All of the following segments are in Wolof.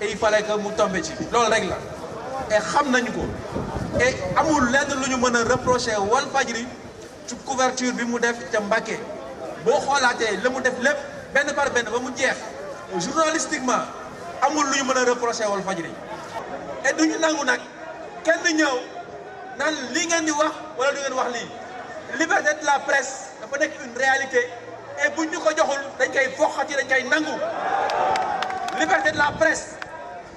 et il fallait que mu tombe ci loolu rek la et xam nañu ko et amul lenn lu ñu mën a reprocher Walfadjri ci couverture bi mu def ca Mbacké boo xoolaatee la mu def lépp benn par benn ba mu jeex journalistiquement amul lu ñu mën a reprocher Walfadjri et du ñu nangu nag kenn ñëw naan li ngeen wax wala du ngeen wax lii liberté de la presse dafa nekk une réalité et buñ ñu ko joxul dañ koy foqati dañ koy nangu liberté de la presse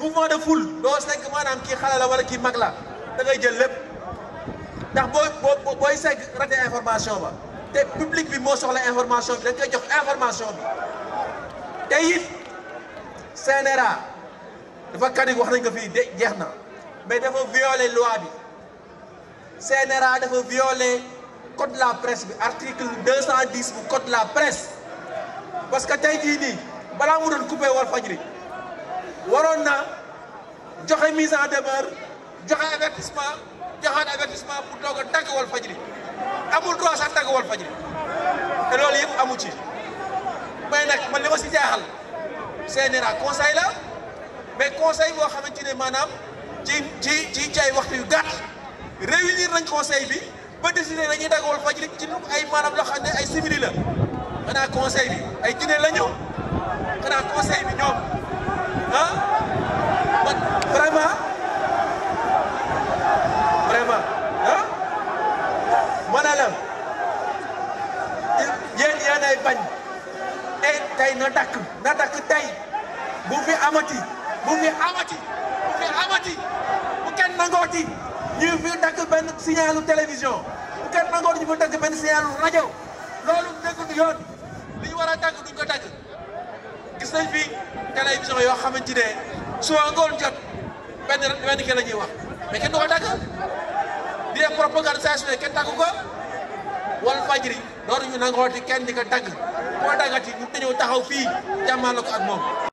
mouvement de foule doo segg maanaam kii xale la wala kii mag la da ngay jël lépp ndax boo booy segg raté information ba te public bi moo soxla information bi dañ koy jox information bi te it CNRA dafa kaddu wax nañ ko fii de jeex na mais dafa violé loi bi CNRA dafa violé code de la presse bi article 210 bu code de la presse parce que tey jii nii balaa mu doon coupé Walfadjri waroon na joxe mise en demeure joxe avertissement joxaan bu pour doog wol dagg Walfadjri amul droit sax dagg Walfadjri te loolu yëpp amu ci mais nag man li ma si jaaxal CNRA conseil la mais conseil boo xamante ne maanaam ci ci ci ci ay waxtu yu gàtt réunir nañ conseil bi ba décider dañuy dagg Walfadjri ci ay maanaam loo xam ne ay simili la xanaa conseil bi ay jinne la ñu lay bañ e tey na dakk na dakk tey bu fi amati bu fi amati bu fi amati bu kenn nangooti ñu fi dakk benn signalu télévision bu kenn nangooti ñu fi dakk benn signalu rajo loolu nekkul yoon li ñu war a dakk duñ ko dakk gis nañ fi télévision yoo xamante ne suba ngoon jot benn benn kii la ñuy wax mais kenn du ko dakk di def propagande saa su kenn dakku ko wal fajri dootuñu nangooti kenn di ko dagg koo daggati ñu dañoo taxaw fii jàmmaarloo ko ak moom